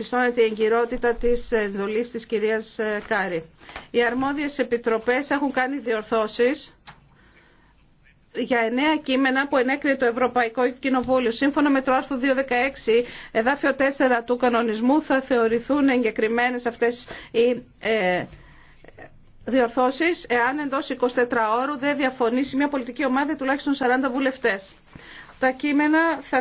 πιστώνεται η εγκυρότητα της εντολής της κυρίας ε, Κάρη. Οι αρμόδιες επιτροπές έχουν κάνει διορθώσεις για εννέα κείμενα που ενέκρινε το Ευρωπαϊκό Κοινοβούλιο. Σύμφωνα με το άρθρο 216, εδάφιο 4 του κανονισμού, θα θεωρηθούν εγκεκριμένε αυτές οι ε, διορθώσεις, εάν εντός 24 ώρου δεν διαφωνήσει μια πολιτική ομάδα τουλάχιστον 40 βουλευτές. Τα κείμενα θα